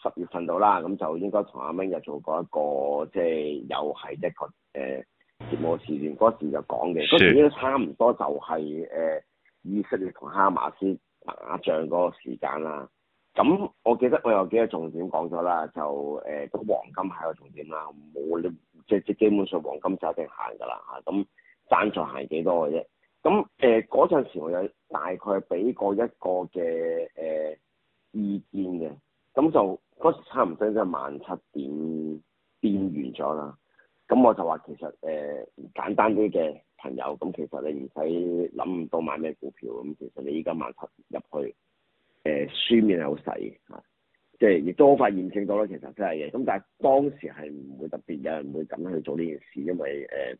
十月份到啦，咁就應該同阿明又做過一個，即係又係一個誒、呃、節目時段。嗰時就講嘅，嗰時應該差唔多就係、是、誒、呃、以色列同哈馬斯打仗嗰個時間啦。咁我記得、哎、我有幾個重點講咗啦，就誒個、呃、黃金係個重點啦，冇你即係基本上黃金就一定行㗎啦嚇。咁爭在行幾多嘅啫。咁誒嗰陣時，我有大概俾過一個嘅誒、呃、意見嘅。咁就嗰時差唔多即係萬七點變完咗啦。咁我就話其實誒、呃、簡單啲嘅朋友，咁其實你唔使諗唔到買咩股票。咁其實你依家萬七入去，誒、呃、書面係好細嚇，即係亦都發現證到。咯。其實真係嘅。咁但係當時係唔會特別有人會咁去做呢件事，因為誒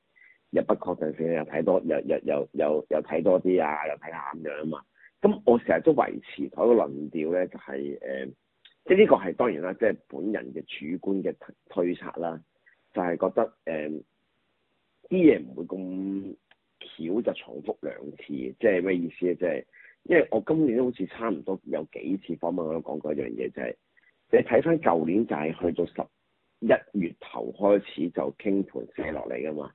又、呃、不確定性又睇多又又又又又睇多啲啊，又睇啱咁樣啊嘛。咁、嗯、我成日都維持嗰、那個論調咧，就係、是、誒。呃即係呢個係當然啦，即係本人嘅主觀嘅推測啦，就係覺得誒啲嘢唔會咁巧就重複兩次，即係咩意思咧？即係因為我今年好似差唔多有幾次訪問我都講過一樣嘢，就係你睇翻舊年就係去到十一月頭開始就傾盤瀉落嚟㗎嘛，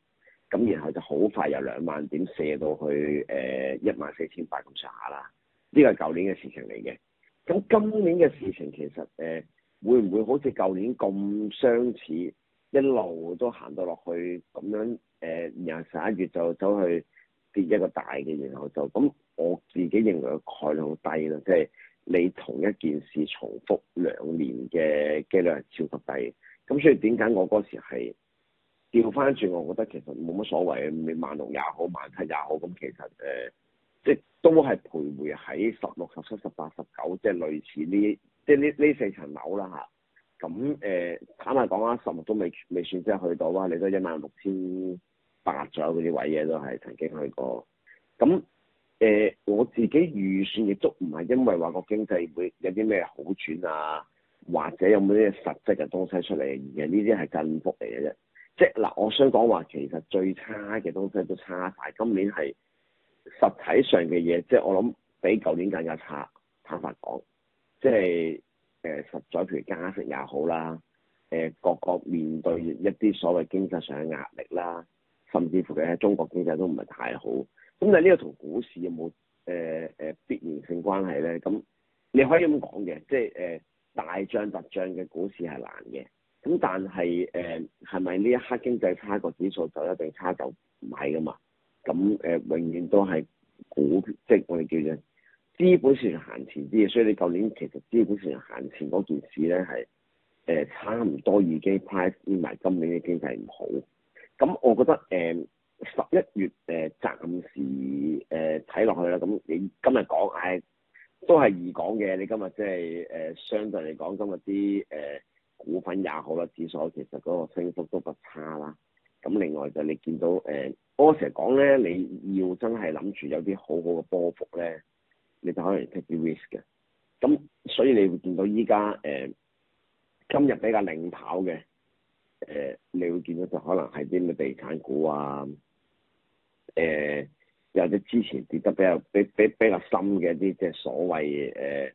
咁然後就好快由兩萬點瀉到去誒一萬四千八咁上下啦，呢個係舊年嘅事情嚟嘅。咁今年嘅事情其實誒、呃、會唔會好似舊年咁相似，一路都行到落去咁樣誒？廿十一月就走去跌一個大嘅，然後就咁我自己認為嘅概率好低咯，即係你同一件事重複兩年嘅機率係超級低。咁所以點解我嗰時係調翻轉？我覺得其實冇乜所謂，你萬六也好，萬七也好，咁其實誒。呃即係都係徘徊喺十六、十七、十八、十九，即係類似呢，即係呢呢四層樓啦嚇。咁、嗯、誒，坦白講啦，十六都未未算即係去到啊。你都一萬六千八左右嗰啲位嘢都係曾經去過。咁、嗯、誒、嗯，我自己預算亦都唔係因為話個經濟會有啲咩好轉啊，或者有冇啲咩實質嘅東西出嚟嘅？呢啲係振幅嚟嘅，啫。即係嗱、呃，我想講話其實最差嘅東西都差曬。今年係。實體上嘅嘢，即、就、係、是、我諗比舊年更加差，坦白講，即係誒實在譬如加息也好啦，誒、呃、各國面對一啲所謂經濟上嘅壓力啦，甚至乎佢喺中國經濟都唔係太好，咁但係呢個同股市有冇誒誒必然性關係咧？咁你可以咁講嘅，即係誒、呃、大漲特漲嘅股市係難嘅，咁但係誒係咪呢一刻經濟差個指數就一定差就唔係噶嘛？咁誒、呃、永遠都係股即係我哋叫做資本市場行前啲嘅，所以你舊年其實資本市場行前嗰件事咧係誒差唔多已經 price 埋今年嘅經濟唔好，咁我覺得誒十一月誒、呃、暫時誒睇落去啦，咁你今日講誒都係易講嘅，你今日即係誒相對嚟講今日啲誒股份也好啦，指數其實嗰個升幅都不差啦。咁另外就你見到誒、呃，我成日講咧，你要真係諗住有啲好好嘅波幅咧，你就可能 take 啲 risk 嘅。咁所以你會見到依家誒今日比較領跑嘅誒、呃，你會見到就可能係啲咁嘅地產股啊，誒有啲之前跌得比較比比比較深嘅一啲即係所謂誒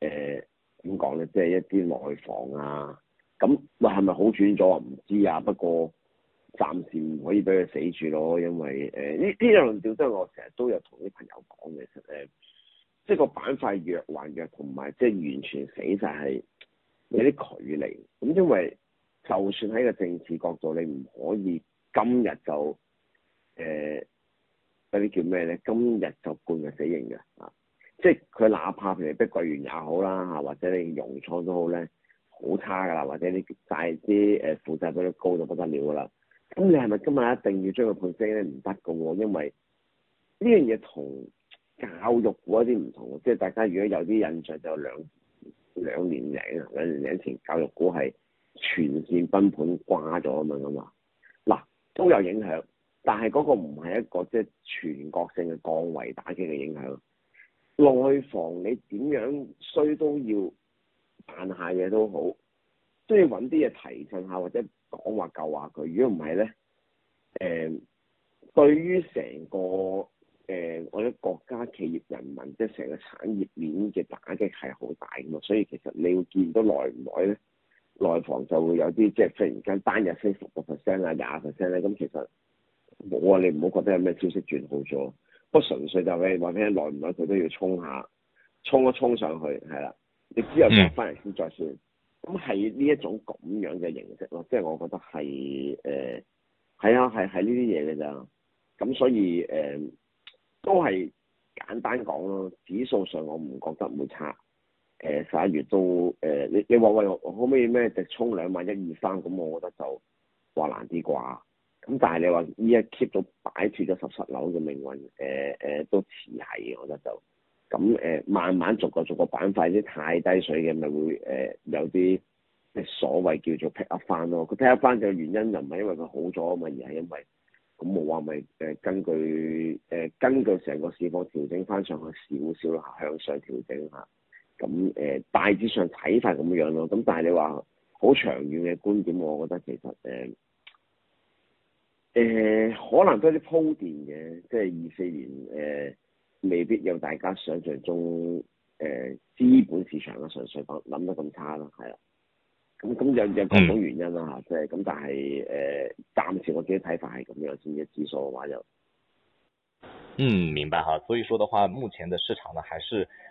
誒點講咧，即係一啲內房啊。咁喂係咪好轉咗啊？唔知啊，不過。暫時唔可以俾佢死住咯，因為誒呢呢兩論調，呃、我成日都有同啲朋友講，其實誒，即係個板塊弱還弱，同埋即係完全死晒係有啲距離。咁因為就算喺個政治角度，你唔可以今日就誒嗰啲叫咩咧？今日就判個死刑嘅啊！即係佢哪怕譬如碧桂園也好啦，嚇或者你融創都好咧，好差噶啦，或者你大啲誒負債、呃、比率高到不得了噶啦。咁你係咪今日一定要將佢破升咧？唔得㗎喎，因為呢樣嘢同教育股一啲唔同，即係大家如果有啲印象，就兩兩年零兩年零前，教育股係全線崩盤瓜咗啊嘛嘛，嗱都有影響，但係嗰個唔係一個即係全國性嘅降維打擊嘅影響，內房你點樣衰都要扮下嘢都好。都要揾啲嘢提醒下，或者講話救下佢。如果唔係咧，誒、嗯，對於成個誒、嗯、我哋國家企業人民，即係成個產業鏈嘅打擊係好大㗎嘛。所以其實你會見到耐唔耐咧，內房就會有啲即係忽然間單日升十個 percent 啊、廿 percent 咧。咁、嗯、其實冇啊，你唔好覺得有咩消息轉好咗。不過純粹就係話聽耐唔耐佢都要衝下，衝一衝上去係啦。你只有落翻嚟先再算。嗯咁係呢一種咁樣嘅形式咯，即係我覺得係誒，係、呃、啊，係係呢啲嘢嘅咋。咁、嗯、所以誒、呃，都係簡單講咯。指數上我唔覺得唔會差。誒十一月都誒、呃，你你話喂可唔可以咩直衝兩萬一二三？咁我覺得就話難啲啩。咁、嗯、但係你話呢一 keep 到擺住咗十七樓嘅命運，誒、呃、誒、呃、都似係，我覺得就。咁誒、呃，慢慢逐個逐個板塊，啲太低水嘅咪會誒、呃、有啲即係所謂叫做 pick up 翻咯。佢 pick up 翻嘅原因又唔係因為佢好咗啊嘛，而係因為咁、嗯、我話咪誒根據誒、呃、根據成個市況調整翻上去少少向上調整下。咁誒、呃、大致上睇法咁樣咯。咁但係你話好長遠嘅觀點，我覺得其實誒誒、呃呃、可能都係啲鋪墊嘅，即係二四年誒。呃未必有大家想象中，誒、呃，資本市場嘅純粹講諗得咁差咯，係啦，咁咁有有各種原因啦吓，即係咁，但係誒，暫時我自己睇法係咁樣先嘅指數嘅話就，嗯，明白哈，所以說的話，目前嘅市場呢，還是。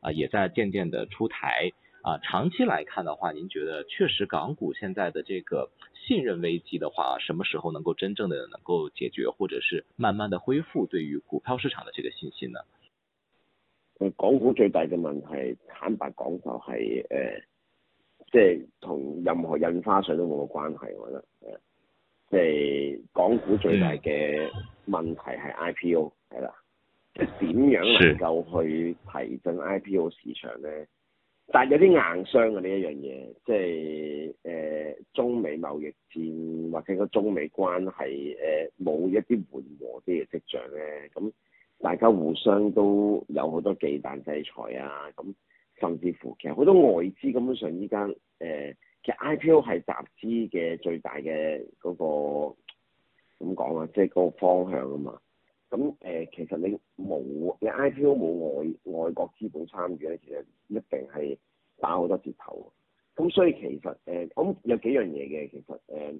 啊，也在漸漸的出台啊，長期來看的話，您覺得確實港股現在的這個信任危機的話，什麼時候能夠真正的能夠解決，或者是慢慢的恢復對於股票市場的這個信心呢？港股最大嘅問題，坦白講就係、是、誒，即係同任何印花稅都冇關係，我覺得誒，即、呃、係港股最大嘅問題係 IPO 係啦。即係點樣能夠去提振 IPO 市場咧？但係有啲硬傷嘅呢一樣嘢，即係誒、呃、中美貿易戰或者個中美關係誒冇一啲緩和啲嘅跡象咧。咁、嗯、大家互相都有好多忌憚制裁啊！咁、嗯、甚至乎其實好多外資根本上依家誒，其實 IPO 係集資嘅最大嘅嗰、那個，點講啊？即係嗰個方向啊嘛～咁誒、呃，其實你冇你 IPO 冇外外國資本參與咧，你其實一定係打好多折頭。咁所以其實誒，咁、呃、有幾樣嘢嘅，其實誒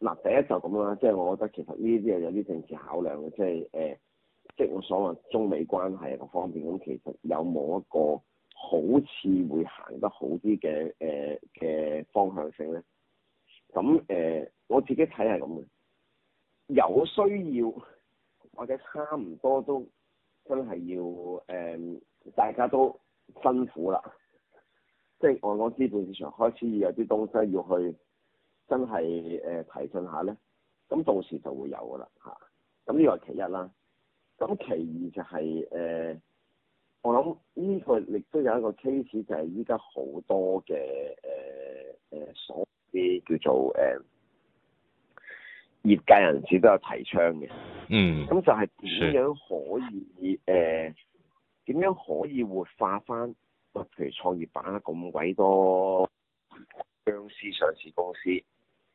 嗱、呃，第一就咁啦，即、就、係、是、我覺得其實呢啲係有啲政治考量嘅、就是呃，即係誒，即係我所謂中美關係一個方面，咁其實有冇一個好似會行得好啲嘅誒嘅方向性咧？咁誒、呃，我自己睇係咁嘅，有需要。或者差唔多都真係要誒、呃，大家都辛苦啦，即係我講資本市場開始有啲東西要去真係誒、呃、提進下咧，咁到時就會有㗎啦嚇。咁、啊、呢個係其一啦，咁其二就係、是、誒、呃，我諗呢個亦都有一個 case 就係依家好多嘅誒誒所謂叫做誒。呃業界人士都有提倡嘅，嗯，咁就係點樣可以，誒點是、呃、樣可以活化翻，譬如創業板咁鬼多僵屍上市公司，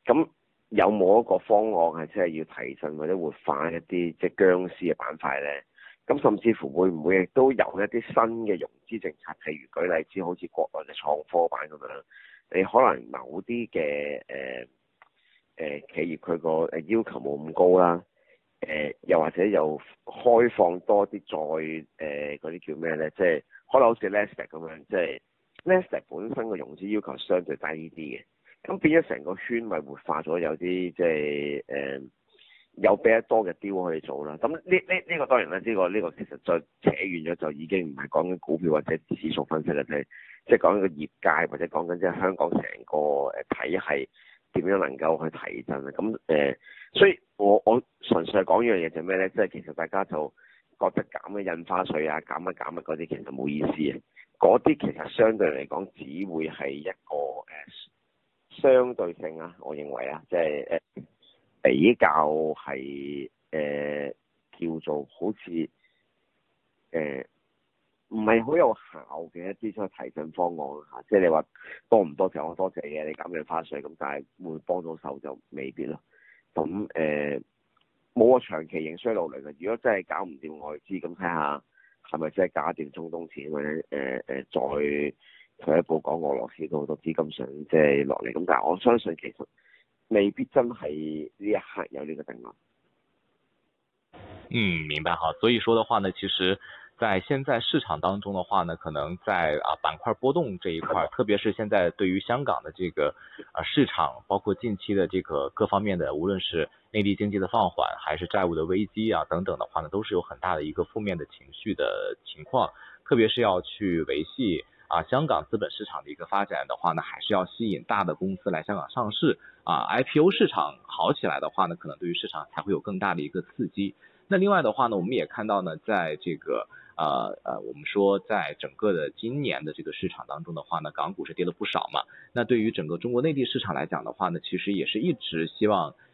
咁有冇一個方案係真係要提振或者活化一啲即係僵屍嘅板塊呢？咁甚至乎會唔會亦都有一啲新嘅融資政策？譬如舉例子，好似國內嘅創科板咁樣，你可能某啲嘅誒。呃誒、呃，企業佢個誒要求冇咁高啦，誒、呃，又或者又開放多啲，再誒嗰啲叫咩咧？即係可能好似 listed 咁樣，即係 listed 本身個融資要求相對低啲嘅，咁變咗成個圈咪活化咗，有啲即係誒、呃、有俾得多嘅 deal 可以做啦。咁呢呢呢個當然啦，呢、呢個呢、呢個其實再扯遠咗就已經唔係講緊股票或者指數分析啦，即係即係講緊個業界或者講緊即係香港成個誒體系。點樣能夠去提振啊？咁誒、呃，所以我我純粹係講一樣嘢就係咩咧？即係其實大家就覺得減嘅印花稅啊，減乜減乜嗰啲，其實冇意思啊！嗰啲其實相對嚟講，只會係一個誒、呃、相對性啊！我認為啊，即係誒、呃、比較係誒、呃、叫做好似誒，呃唔係好有效嘅支出提振方案啊，即係你話多唔多謝我多謝嘅，你減嘅花費咁，但係會幫到手就未必咯。咁誒冇個長期盈虧流動嘅，如果真係搞唔掂外資，咁睇下係咪真係搞掂中東錢或者誒誒再退一步講俄羅斯都好多資金上即係落嚟，咁但係我相信其實未必真係呢一刻有呢個定啊。嗯，明白哈，所以說嘅話呢，其實。在現在市場當中的話呢，可能在啊板塊波動這一塊兒，特別是現在對於香港的這個啊市場，包括近期的這個各方面的，無論是內地經濟的放緩還是債務的危機啊等等的話呢，都是有很大的一個負面的情緒的情況。特別是要去維繫啊香港資本市場的一個發展的話呢，還是要吸引大的公司來香港上市啊 IPO 市場好起來的話呢，可能對於市場才會有更大的一個刺激。那另外的話呢，我們也看到呢，在這個呃呃，我們說在整個的今年的這個市場當中的話呢，港股是跌了不少嘛。那對於整個中國內地市場來講的話呢，其實也是一直希望。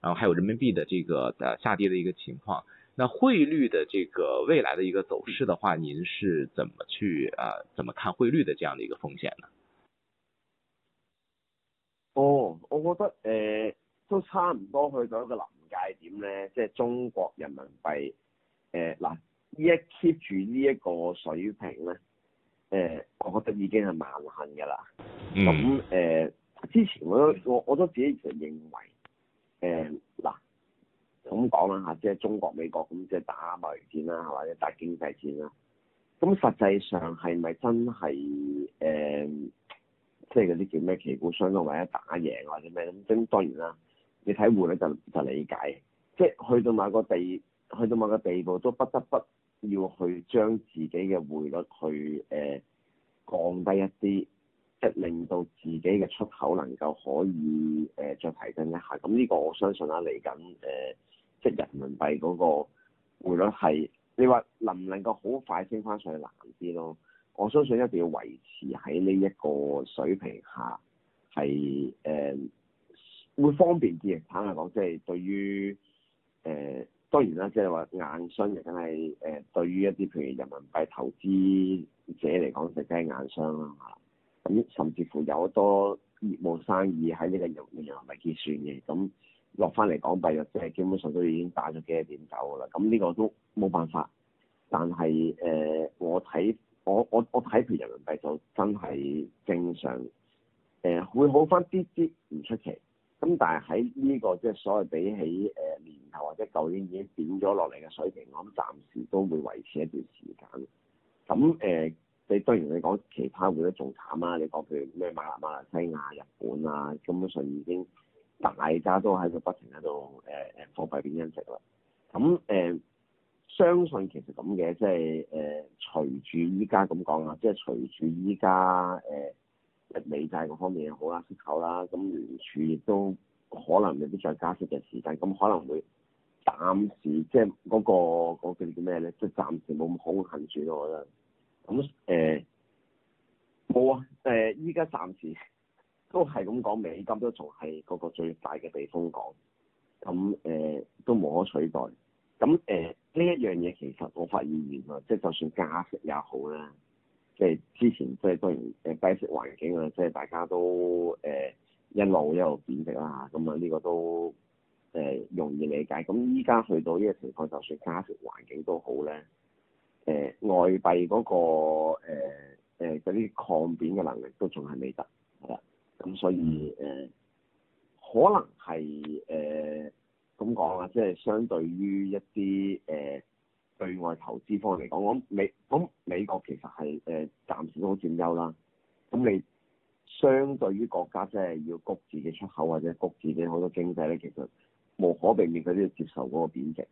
然後還有人民幣的這個的下跌的一個情況，那匯率的這個未來的一個走勢的話，您是怎麼去啊怎麼看匯率的這樣的一個風險呢？哦，我覺得誒、呃、都差唔多去到一個臨界點咧，即係中國人民幣誒嗱呢一 keep 住呢一個水平咧，誒、呃、我覺得已經係萬幸㗎喇。咁誒、嗯呃、之前我都我我都自己其實認為。誒嗱咁講啦嚇，即係、嗯嗯就是、中國美國咁即係打貿易戰啦，或者打經濟戰啦。咁實際上係咪真係誒？即係嗰啲叫咩？旗鼓相當或者打贏或者咩咁？即係當然啦。你睇匯率就就理解，即、就、係、是、去到某個地，去到某個地步都不得不要去將自己嘅匯率去誒、呃、降低一啲。即係令到自己嘅出口能夠可以誒、呃、再提升一下，咁、嗯、呢、這個我相信啦、啊。嚟緊誒，即係人民幣嗰個匯率係，你話能唔能夠好快升返上去難啲咯？我相信一定要維持喺呢一個水平下，係、呃、誒會方便啲。坦白講，即係對於誒、呃、當然啦，即係話硬傷亦梗係誒，對於一啲譬如人民幣投資者嚟講，就真係硬傷啦。咁、嗯、甚至乎有好多業務生意喺呢個人民幣入面結算嘅，咁落翻嚟港幣就即係，基本上都已經打咗幾多點頭噶啦。咁、嗯、呢、這個都冇辦法，但係誒、呃，我睇我我我睇盤人民幣就真係正常，誒、呃、會好翻啲啲唔出奇。咁、嗯、但係喺呢個即係所謂比起誒、呃、年頭或者舊年已經跌咗落嚟嘅水平，我諗暫時都會維持一段時間。咁、嗯、誒。呃你係當然你講其他會得仲慘啦。你講譬如咩馬來馬來西亞、日本啊，根本上已經大家都喺度不停喺度誒誒貨幣貶緊值啦。咁、欸、誒、欸、相信其實咁嘅，即係誒、欸、隨住依家咁講啦，即係隨住依家誒美債嗰方面又好啦，息口啦，咁聯儲亦都可能未必再加息嘅時間，咁可能會時、嗰個嗰個、暫時即係嗰個叫叫咩咧？即係暫時冇咁好行住咯，我覺得。咁誒冇啊，誒依家暫時都係咁講，美金都仲係嗰個最大嘅避風港，咁、嗯、誒、欸、都無可取代。咁誒呢一樣嘢其實我發現原來即係就算加息也好咧，即係之前即係當然誒低息環境啊，即係大家都誒、呃、一路一路貶值啦，咁啊呢個都誒、呃、容易理解。咁依家去到呢個情況，就算加息環境都好咧。誒、呃、外幣嗰、那個誒啲、呃呃、抗貶嘅能力都仲係未得，係啦，咁所以誒、呃、可能係誒咁講啊，即係相對於一啲誒、呃、對外投資方嚟講，咁美咁美國其實係誒、呃、暫時都好佔優啦。咁你相對於國家，即係要谷自己出口或者谷自己好多經濟咧，其實無可避免佢都要接受嗰個貶值。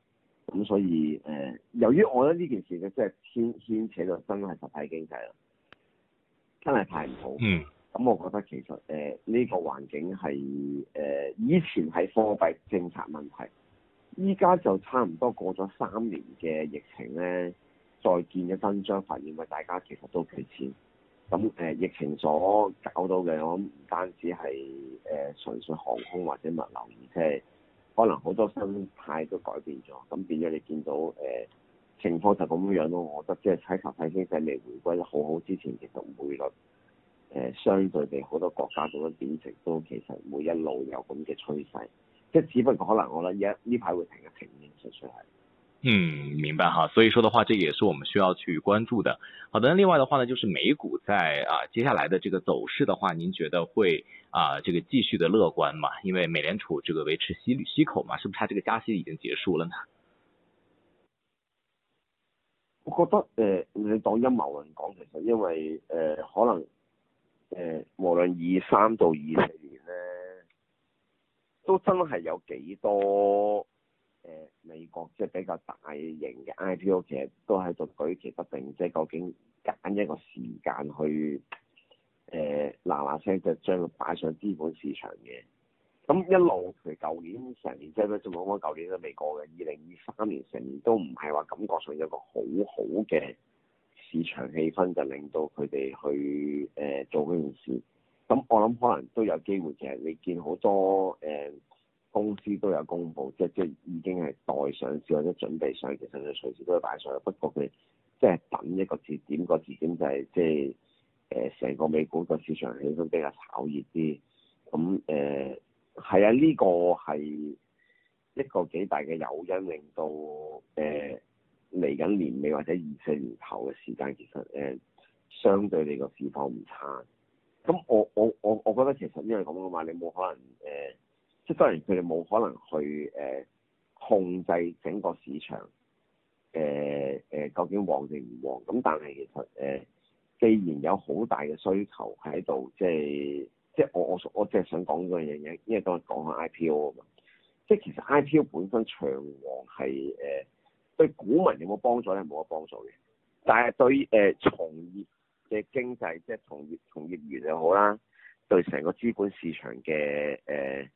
咁所以誒、呃，由於我覺得呢件事咧，即係牽牽扯到真係實體經濟啦，真係太唔好。嗯。咁我覺得其實，誒、呃、呢、這個環境係誒、呃、以前係貨幣政策問題，依家就差唔多過咗三年嘅疫情咧，再見嘅增長，發現咪大家其實都缺錢。咁誒、呃、疫情所搞到嘅，我諗唔單止係誒純粹航空或者物流而且係。可能好多心態都改變咗，咁變咗你見到誒、呃、情況就咁樣咯。我覺得即係睇實體經濟未回歸得好好之前，其實匯率誒、呃、相對地好多國家做咗貶值都其實會一路有咁嘅趨勢，即係只不過可能我覺得呢排會停一停先，實際係。嗯，明白哈，所以說的話，這也是我們需要去關注的。好的，另外的話呢，就是美股在啊接下來的這個走勢的話，您覺得會啊這個繼續的樂觀嗎？因為美聯儲這個維持息率息口嘛，是不是？它這個加息已經結束了呢？我覺得誒、呃，你當陰謀論講，其實因為誒、呃、可能誒、呃，無論二三到二四年咧，都真係有幾多。美國即係比較大型嘅 IPO，其實都喺度舉棋不定，即係究竟揀一個時間去誒嗱嗱聲就將佢擺上資本市場嘅。咁一路佢舊年成年即係咩？仲好冇？舊年都未過嘅，二零二三年成年都唔係話感覺上有個好好嘅市場氣氛，就令到佢哋去誒、呃、做嗰件事。咁我諗可能都有機會嘅，其實你見好多誒。呃公司都有公布，即即已經係待上市或者準備上市，其實就隨時都可以擺上去。不過佢即等一個節點、個節點就係，即誒成、呃、個美股個市場氣氛比較炒熱啲。咁誒係啊，呢、呢個係一個幾大嘅誘因，令到誒嚟緊年尾或者二四年頭嘅時間，其實誒、呃、相對嚟講市況唔差。咁、嗯、我我我我覺得其實因為咁嘅話，你冇可能誒。呃即係當然，佢哋冇可能去誒、呃、控制整個市場誒誒、呃呃，究竟旺定唔旺咁？但係其實誒、呃，既然有好大嘅需求喺度，即係即係我我我即係想講嗰樣嘢，因為當講下 IPO 啊嘛。即係其實 IPO 本身長旺係誒對股民有冇幫助咧，係冇乜幫助嘅。但係對誒從、呃、業嘅經濟，即係從業從業員又好啦，對成個資本市場嘅誒。呃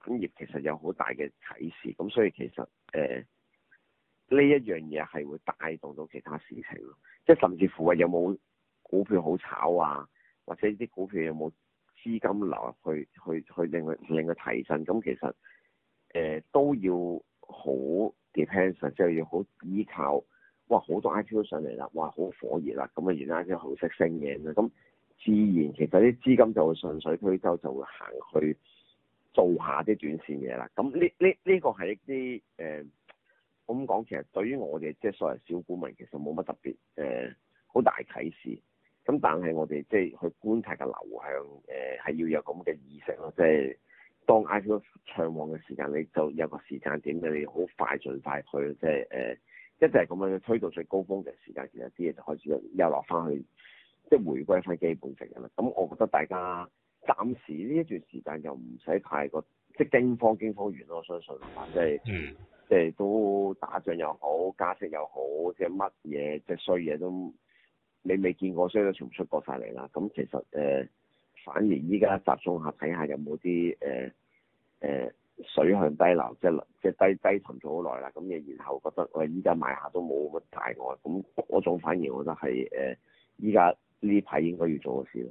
產業其實有好大嘅啟示，咁所以其實誒呢、呃、一樣嘢係會帶動到其他事情咯，即係甚至乎話有冇股票好炒啊，或者啲股票有冇資金流入去去去，去令佢令佢提振，咁其實誒、呃、都要好 dependent，即係要好依靠。哇，好多 IPO 上嚟啦，哇，好火熱啦，咁啊，而家啲人好識升嘢啦，咁自然其實啲資金就會順水推舟就會行去。做下啲短線嘢啦，咁呢呢呢個係一啲誒，咁講，其實對於我哋即係所謂小股民，其實冇乜特別誒，好大啟示。咁但係我哋即係去觀察嘅流向，誒係要有咁嘅意識咯，即係當 IPO 唱旺嘅時間，你就有個時間點，你好快盡快去，即係誒，一直係咁樣推到最高峰嘅時間，其實啲嘢就開始又落翻去，即係回歸翻基本值嘅啦。咁我覺得大家。暫時呢一段時間又唔使派個即係驚慌驚慌完咯，我相信啦，嗯、即係，即係都打仗又好，加息又好，即係乜嘢即衰嘢都你未見過衰都全部出過晒嚟啦。咁其實誒、呃，反而依家集中下睇下有冇啲誒誒水向低流，即係即係低低沉咗好耐啦。咁然後覺得喂，依家買下都冇乜大礙，咁嗰種反而我覺得係誒依家呢排應該要做嘅事咯。